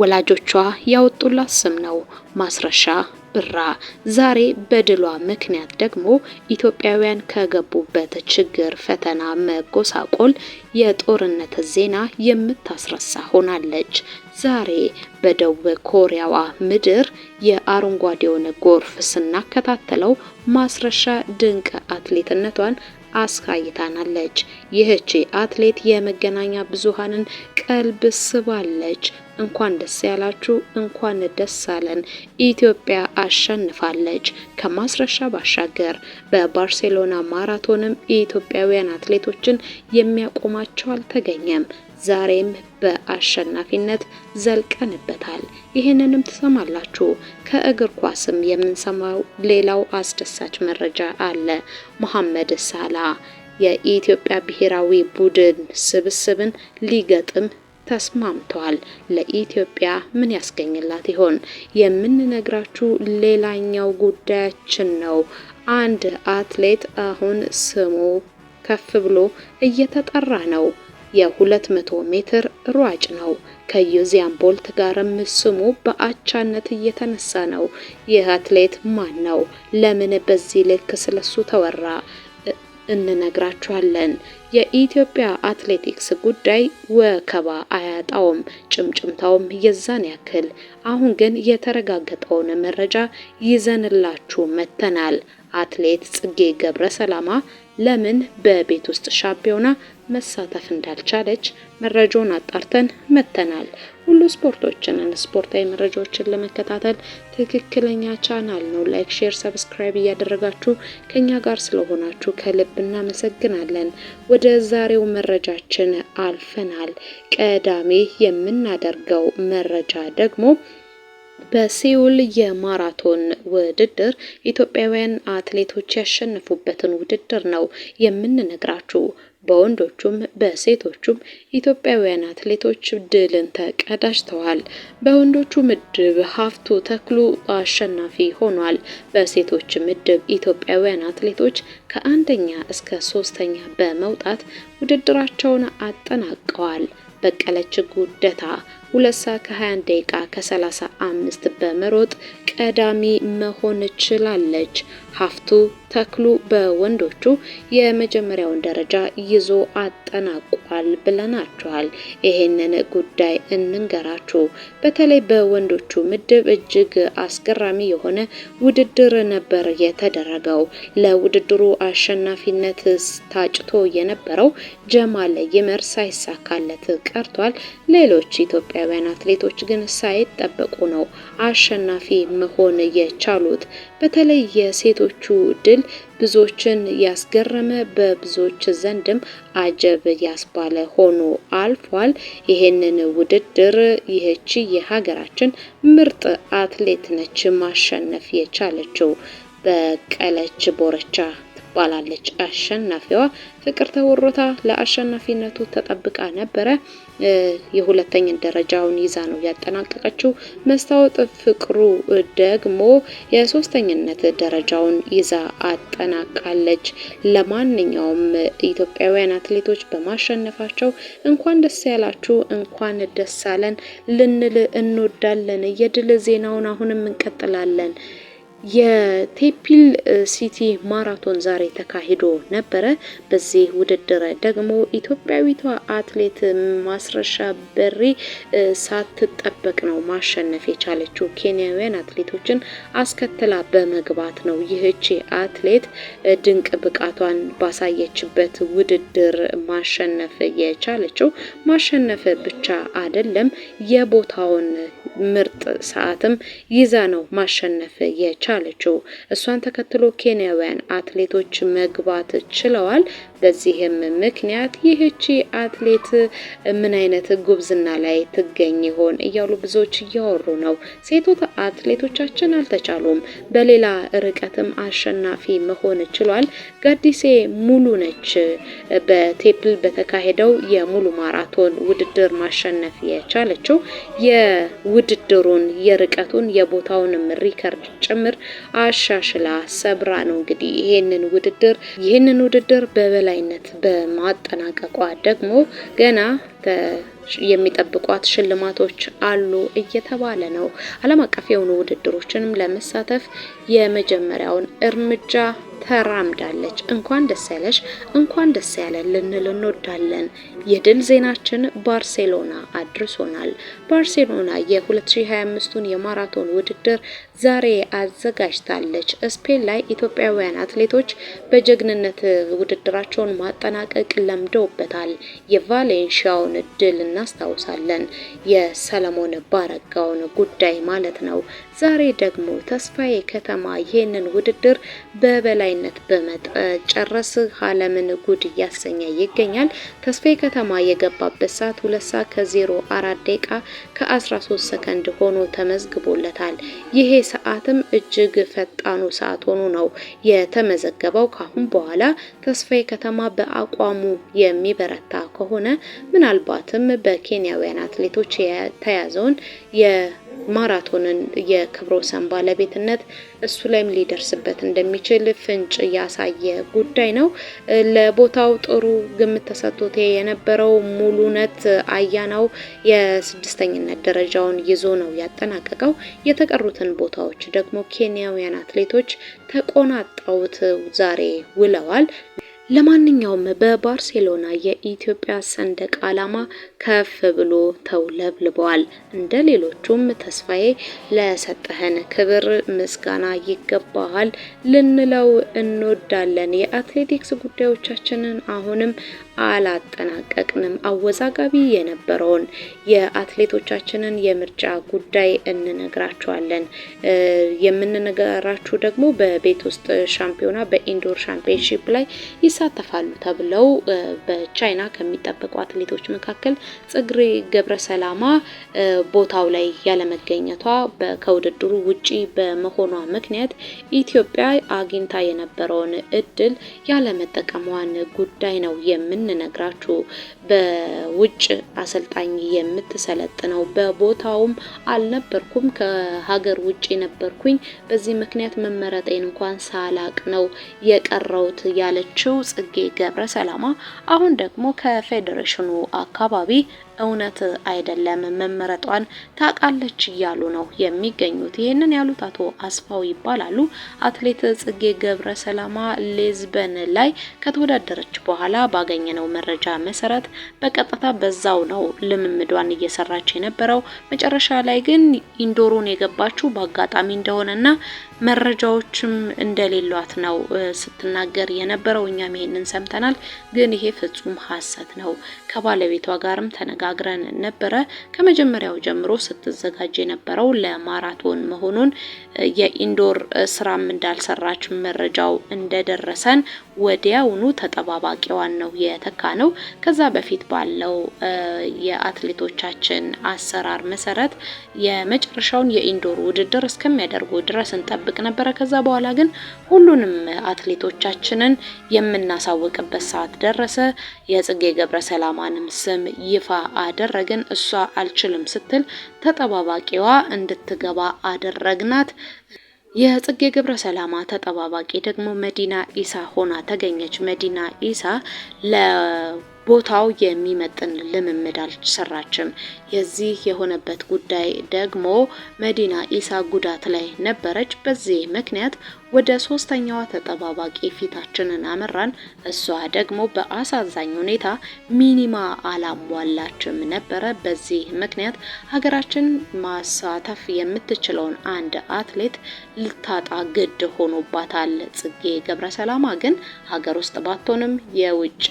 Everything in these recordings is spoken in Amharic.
ወላጆቿ ያወጡላት ስም ነው ማስረሻ ብራ ዛሬ በድሏ ምክንያት ደግሞ ኢትዮጵያውያን ከገቡበት ችግር፣ ፈተና፣ መጎሳቆል፣ የጦርነት ዜና የምታስረሳ ሆናለች። ዛሬ በደቡብ ኮሪያዋ ምድር የአረንጓዴውን ጎርፍ ስናከታተለው ማስረሻ ድንቅ አትሌትነቷን አስካይታናለች። ይህች አትሌት የመገናኛ ብዙሃንን ቀልብ ስባለች። እንኳን ደስ ያላችሁ፣ እንኳን ደስ አለን። ኢትዮጵያ አሸንፋለች። ከማስረሻ ባሻገር በባርሴሎና ማራቶንም ኢትዮጵያውያን አትሌቶችን የሚያቆማቸው አልተገኘም። ዛሬም በአሸናፊነት ዘልቀንበታል። ይህንንም ትሰማላችሁ። ከእግር ኳስም የምንሰማው ሌላው አስደሳች መረጃ አለ። መሐመድ ሳላ የኢትዮጵያ ብሔራዊ ቡድን ስብስብን ሊገጥም ተስማምተዋል። ለኢትዮጵያ ምን ያስገኝላት ይሆን የምንነግራችሁ ሌላኛው ጉዳያችን ነው። አንድ አትሌት አሁን ስሙ ከፍ ብሎ እየተጠራ ነው። የ200 ሜትር ሯጭ ነው። ከዩዚያን ቦልት ጋርም ስሙ በአቻነት እየተነሳ ነው። ይህ አትሌት ማን ነው? ለምን በዚህ ልክ ስለሱ ተወራ? እንነግራችኋለን። የኢትዮጵያ አትሌቲክስ ጉዳይ ወከባ አያጣውም፣ ጭምጭምታውም የዛን ያክል። አሁን ግን የተረጋገጠውን መረጃ ይዘንላችሁ መጥተናል። አትሌት ጽጌ ገብረ ሰላማ ለምን በቤት ውስጥ ሻምፒዮና መሳተፍ እንዳልቻለች መረጃውን አጣርተን መጥተናል። ሁሉ ስፖርቶችንን ስፖርታዊ መረጃዎችን ለመከታተል ትክክለኛ ቻናል ነው። ላይክ፣ ሼር፣ ሰብስክራይብ እያደረጋችሁ ከኛ ጋር ስለሆናችሁ ከልብ እናመሰግናለን። ወደ ዛሬው መረጃችን አልፈናል። ቀዳሚ የምናደርገው መረጃ ደግሞ በሲውል የማራቶን ውድድር ኢትዮጵያውያን አትሌቶች ያሸነፉበትን ውድድር ነው የምንነግራችሁ። በወንዶቹም በሴቶቹም ኢትዮጵያውያን አትሌቶች ድልን ተቀዳጅተዋል። በወንዶቹ ምድብ ሀፍቱ ተክሉ አሸናፊ ሆኗል። በሴቶች ምድብ ኢትዮጵያውያን አትሌቶች ከአንደኛ እስከ ሶስተኛ በመውጣት ውድድራቸውን አጠናቀዋል። በቀለች ጉደታ ሁለት ሰዓት ከ21 ደቂቃ ከ35 በመሮጥ ቀዳሚ መሆን ችላለች። ሀፍቱ ተክሉ በወንዶቹ የመጀመሪያውን ደረጃ ይዞ አጠናቋል ብለናችኋል። ይሄንን ጉዳይ እንንገራችሁ። በተለይ በወንዶቹ ምድብ እጅግ አስገራሚ የሆነ ውድድር ነበር የተደረገው። ለውድድሩ አሸናፊነት ታጭቶ የነበረው ጀማል ይመር ሳይሳካለት ቀርቷል። ሌሎች ኢትዮጵያ ኢትዮጵያውያን አትሌቶች ግን ሳይጠበቁ ነው አሸናፊ መሆን የቻሉት። በተለይ የሴቶቹ ድል ብዙዎችን ያስገረመ በብዙዎች ዘንድም አጀብ ያስባለ ሆኖ አልፏል። ይሄንን ውድድር ይህች የሀገራችን ምርጥ አትሌት ነች ማሸነፍ የቻለችው። በቀለች ቦረቻ ትባላለች አሸናፊዋ። ፍቅር ተወሮታ ለአሸናፊነቱ ተጠብቃ ነበረ። የሁለተኛ ደረጃውን ይዛ ነው ያጠናቀቀችው። መስታወት ፍቅሩ ደግሞ የሶስተኝነት ደረጃውን ይዛ አጠናቃለች። ለማንኛውም ኢትዮጵያውያን አትሌቶች በማሸነፋቸው እንኳን ደስ ያላችሁ፣ እንኳን ደስ አለን ልንል እንወዳለን። የድል ዜናውን አሁንም እንቀጥላለን። የቴፒል ሲቲ ማራቶን ዛሬ ተካሂዶ ነበረ። በዚህ ውድድር ደግሞ ኢትዮጵያዊቷ አትሌት ማስረሻ በሬ ሳትጠበቅ ነው ማሸነፍ የቻለችው። ኬንያውያን አትሌቶችን አስከትላ በመግባት ነው። ይህች አትሌት ድንቅ ብቃቷን ባሳየችበት ውድድር ማሸነፍ የቻለችው። ማሸነፍ ብቻ አይደለም፣ የቦታውን ምርጥ ሰዓትም ይዛ ነው ማሸነፍ የቻለችው። ቻለችው። እሷን ተከትሎ ኬንያውያን አትሌቶች መግባት ችለዋል። በዚህም ምክንያት ይህቺ አትሌት ምን አይነት ጉብዝና ላይ ትገኝ ይሆን እያሉ ብዙዎች እያወሩ ነው። ሴቶት አትሌቶቻችን አልተቻሉም። በሌላ ርቀትም አሸናፊ መሆን ችሏል። ጋዲሴ ሙሉ ነች በቴፕል በተካሄደው የሙሉ ማራቶን ውድድር ማሸነፍ የቻለችው የውድድሩን የርቀቱን የቦታውንም ሪከርድ ጭምር አሻሽላ ሰብራ ነው እንግዲህ ይህንን ውድድር ይህንን ውድድር በበላ በበላይነት በማጠናቀቋ ደግሞ ገና የሚጠብቋት ሽልማቶች አሉ እየተባለ ነው። ዓለም አቀፍ የሆኑ ውድድሮችንም ለመሳተፍ የመጀመሪያውን እርምጃ ተራምዳለች። እንኳን ደስ ያለሽ፣ እንኳን ደስ ያለ ልንል እንወዳለን። የድል ዜናችን ባርሴሎና አድርሶናል። ባርሴሎና የ2025ቱን የማራቶን ውድድር ዛሬ አዘጋጅታለች። ስፔን ላይ ኢትዮጵያውያን አትሌቶች በጀግንነት ውድድራቸውን ማጠናቀቅ ለምደውበታል። የቫሌንሺያውን ድልና እናስታውሳለን። የሰለሞን ባረጋውን ጉዳይ ማለት ነው። ዛሬ ደግሞ ተስፋዬ ከተማ ይህንን ውድድር በበላይነት በመጨረስ ዓለምን ጉድ እያሰኘ ይገኛል። ተስፋዬ ከተማ የገባበት ሰዓት ሁለት ሰዓት ከዜሮ አራት ደቂቃ ከ13 ሰከንድ ሆኖ ተመዝግቦለታል። ይሄ ሰዓትም እጅግ ፈጣኑ ሰዓት ሆኖ ነው የተመዘገበው። ካሁን በኋላ ተስፋዬ ከተማ በአቋሙ የሚበረታ ከሆነ ምናልባትም በኬንያውያን አትሌቶች የተያዘውን ማራቶንን የክብረ ወሰን ባለቤትነት እሱ ላይም ሊደርስበት እንደሚችል ፍንጭ ያሳየ ጉዳይ ነው። ለቦታው ጥሩ ግምት ተሰጥቶት የነበረው ሙሉነት አያናው የስድስተኝነት ደረጃውን ይዞ ነው ያጠናቀቀው። የተቀሩትን ቦታዎች ደግሞ ኬንያውያን አትሌቶች ተቆናጣውት ዛሬ ውለዋል። ለማንኛውም በባርሴሎና የኢትዮጵያ ሰንደቅ ዓላማ ከፍ ብሎ ተውለብልበዋል። እንደ ሌሎቹም ተስፋዬ ለሰጠህን ክብር ምስጋና ይገባሃል ልንለው እንወዳለን። የአትሌቲክስ ጉዳዮቻችንን አሁንም አላጠናቀቅንም። አወዛጋቢ የነበረውን የአትሌቶቻችንን የምርጫ ጉዳይ እንነግራቸዋለን የምንነግራችሁ ደግሞ በቤት ውስጥ ሻምፒዮና በኢንዶር ሻምፒዮንሺፕ ላይ ይሳተፋሉ ተብለው በቻይና ከሚጠበቁ አትሌቶች መካከል ገብረ ገብረሰላማ ቦታው ላይ ያለመገኘቷ ከውድድሩ ውጪ በመሆኗ ምክንያት ኢትዮጵያ አግኝታ የነበረውን እድል ያለመጠቀሟን ጉዳይ ነው የምንነግራችሁ። በውጭ አሰልጣኝ የምትሰለጥነው በቦታውም አልነበርኩም፣ ከሀገር ውጭ ነበርኩኝ። በዚህ ምክንያት መመረጤን እንኳን ሳላቅ ነው የቀረውት ያለችው ጽጌ ገብረ ሰላማ አሁን ደግሞ ከፌዴሬሽኑ አካባቢ እውነት አይደለም መመረጧን ታውቃለች እያሉ ነው የሚገኙት። ይህንን ያሉት አቶ አስፋው ይባላሉ። አትሌት ጽጌ ገብረ ሰላማ ሌዝበን ላይ ከተወዳደረች በኋላ ባገኘነው መረጃ መሰረት በቀጥታ በዛው ነው ልምምዷን እየሰራች የነበረው። መጨረሻ ላይ ግን ኢንዶሩን የገባችው በአጋጣሚ እንደሆነና መረጃዎችም እንደሌሏት ነው ስትናገር የነበረው። እኛም ይሄንን ሰምተናል፣ ግን ይሄ ፍጹም ሀሰት ነው ከባለቤቷ ጋርም ተነጋግረን ነበረ። ከመጀመሪያው ጀምሮ ስትዘጋጅ የነበረው ለማራቶን መሆኑን የኢንዶር ስራም እንዳልሰራች መረጃው እንደደረሰን ወዲያውኑ ተጠባባቂዋን ነው የተካ ነው። ከዛ በፊት ባለው የአትሌቶቻችን አሰራር መሰረት የመጨረሻውን የኢንዶር ውድድር እስከሚያደርጉ ድረስ እንጠብቅ ነበረ። ከዛ በኋላ ግን ሁሉንም አትሌቶቻችንን የምናሳውቅበት ሰዓት ደረሰ። የጽጌ ገብረ ሰላማንም ስም ይፋ አደረግን። እሷ አልችልም ስትል ተጠባባቂዋ እንድትገባ አደረግናት። የጽጌ ገብረ ሰላማ ተጠባባቂ ደግሞ መዲና ኢሳ ሆና ተገኘች። መዲና ኢሳ ለቦታው የሚመጥን ልምምድ አልሰራችም። የዚህ የሆነበት ጉዳይ ደግሞ መዲና ኢሳ ጉዳት ላይ ነበረች። በዚህ ምክንያት ወደ ሶስተኛዋ ተጠባባቂ ፊታችንን አመራን። እሷ ደግሞ በአሳዛኝ ሁኔታ ሚኒማ አላሟላችም ነበረ። በዚህ ምክንያት ሀገራችን ማሳተፍ የምትችለውን አንድ አትሌት ልታጣ ግድ ሆኖባታል። ጽጌ ገብረሰላማ ግን ሀገር ውስጥ ባትሆንም የውጭ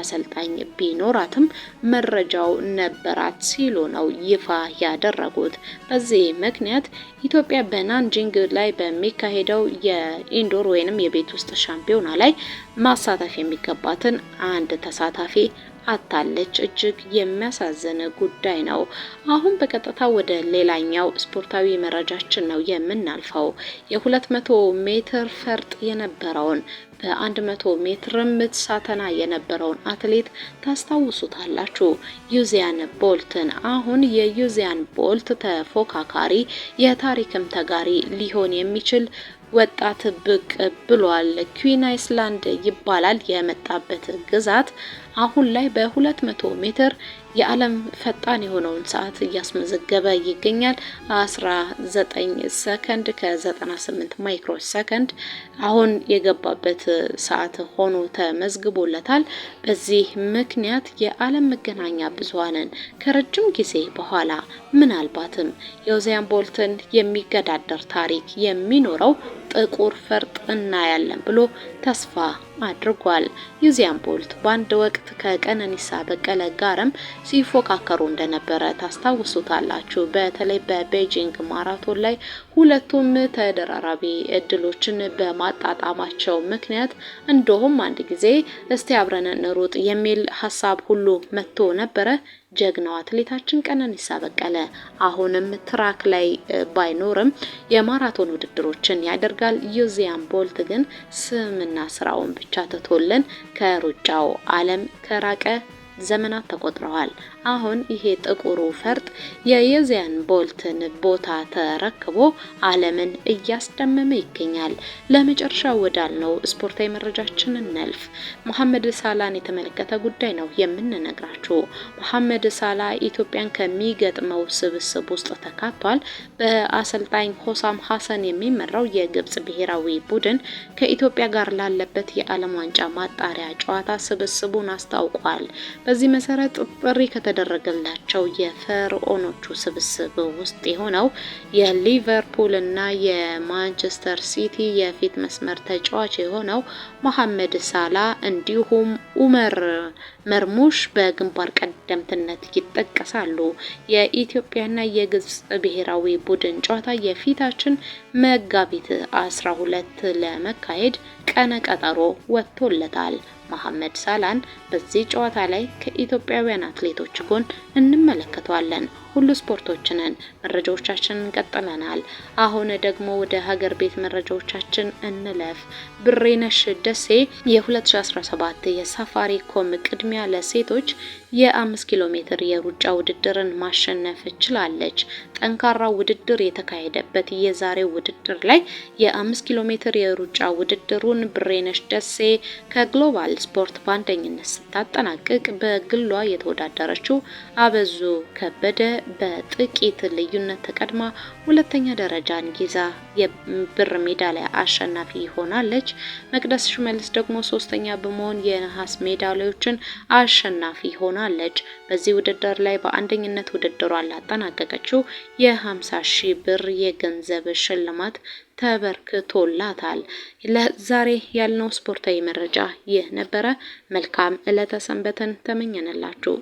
አሰልጣኝ ቢኖራትም መረጃው ነበራት ሲሉ ነው ይፋ ያደረጉት። በዚህ ምክንያት ኢትዮጵያ በናንጂንግ ላይ በሚካሄደው የ የኢንዶር ወይንም የቤት ውስጥ ሻምፒዮና ላይ ማሳተፍ የሚገባትን አንድ ተሳታፊ አታለች። እጅግ የሚያሳዝን ጉዳይ ነው። አሁን በቀጥታ ወደ ሌላኛው ስፖርታዊ መረጃችን ነው የምናልፈው። የ200 ሜትር ፈርጥ የነበረውን በ100 ሜትርም ሳተና የነበረውን አትሌት ታስታውሱታላችሁ፣ ዩዚያን ቦልትን። አሁን የዩዚያን ቦልት ተፎካካሪ የታሪክም ተጋሪ ሊሆን የሚችል ወጣት ብቅ ብሏል። ኩዊን አይስላንድ ይባላል የመጣበት ግዛት አሁን ላይ በ200 ሜትር የዓለም ፈጣን የሆነውን ሰዓት እያስመዘገበ ይገኛል። 19 ሰከንድ ከ98 ማይክሮ ሰከንድ አሁን የገባበት ሰዓት ሆኖ ተመዝግቦለታል። በዚህ ምክንያት የዓለም መገናኛ ብዙሃንን ከረጅም ጊዜ በኋላ ምናልባትም የውዚያን ቦልትን የሚገዳደር ታሪክ የሚኖረው ጥቁር ፈርጥ እናያለን ብሎ ተስፋ አድርጓል። ዩዚያን ቦልት በአንድ ወቅት ከቀነኒሳ በቀለ ጋርም ሲፎካከሩ እንደነበረ ታስታውሱታላችሁ። በተለይ በቤጂንግ ማራቶን ላይ ሁለቱም ተደራራቢ እድሎችን በማጣጣማቸው ምክንያት እንደውም አንድ ጊዜ እስቲ አብረን እንሩጥ የሚል ሀሳብ ሁሉ መጥቶ ነበረ። ጀግናው አትሌታችን ቀነኒሳ በቀለ አሁንም ትራክ ላይ ባይኖርም የማራቶን ውድድሮችን ያደርጋል። ዩዚያን ቦልት ግን ስምና ስራውን ብቻ ትቶልን ከሩጫው ዓለም ከራቀ ዘመናት ተቆጥረዋል። አሁን ይሄ ጥቁሩ ፈርጥ የየዚያን ቦልትን ቦታ ተረክቦ ዓለምን እያስደመመ ይገኛል። ለመጨረሻ ነው ስፖርታዊ መረጃችን እንልፍ። መሐመድ ሳላን የተመለከተ ጉዳይ ነው የምንነግራችሁ። መሐመድ ሳላ ኢትዮጵያን ከሚገጥመው ስብስብ ውስጥ ተካቷል። በአሰልጣኝ ሆሳም ሀሰን የሚመራው የግብጽ ብሔራዊ ቡድን ከኢትዮጵያ ጋር ላለበት የዓለም ዋንጫ ማጣሪያ ጨዋታ ስብስቡን አስታውቋል። በዚህ መሰረት ጥሪ ከተ የተደረገላቸው የፈርዖኖቹ ስብስብ ውስጥ የሆነው የሊቨርፑል እና የማንቸስተር ሲቲ የፊት መስመር ተጫዋች የሆነው መሐመድ ሳላ እንዲሁም ኡመር መርሙሽ በግንባር ቀደምትነት ይጠቀሳሉ። የኢትዮጵያና የግብጽ ብሔራዊ ቡድን ጨዋታ የፊታችን መጋቢት 12 ለመካሄድ ቀነ ቀጠሮ ወጥቶለታል። መሐመድ ሳላን በዚህ ጨዋታ ላይ ከኢትዮጵያውያን አትሌቶች ጎን እንመለከተዋለን። ሁሉ ነን። መረጃዎቻችንን ቀጥለናል። አሁን ደግሞ ወደ ሀገር ቤት መረጃዎቻችን እንለፍ። ብሬነሽ ደሴ የ2017 የሳፋሪ ኮም ቅድሚያ ለሴቶች የ5 ኪሎ ሜትር የሩጫ ውድድርን ማሸነፍ ችላለች። ጠንካራ ውድድር የተካሄደበት የዛሬው ውድድር ላይ የ5 ኪሎ ሜትር የሩጫ ውድድሩን ብሬነሽ ደሴ ከግሎባል ስፖርት በአንደኝነት ስታጠናቅቅ በግሏ የተወዳደረችው አበዙ ከበደ በጥቂት ልዩነት ተቀድማ ሁለተኛ ደረጃን ይዛ የብር ሜዳሊያ አሸናፊ ሆናለች። መቅደስ ሽመልስ ደግሞ ሶስተኛ በመሆን የነሐስ ሜዳሊያዎችን አሸናፊ ሆናለች። በዚህ ውድድር ላይ በአንደኝነት ውድድሯን ላጠናቀቀችው የ50 ሺህ ብር የገንዘብ ሽልማት ተበርክቶላታል። ለዛሬ ያልነው ስፖርታዊ መረጃ ይህ ነበረ። መልካም ዕለተ ሰንበትን ተመኘንላችሁ።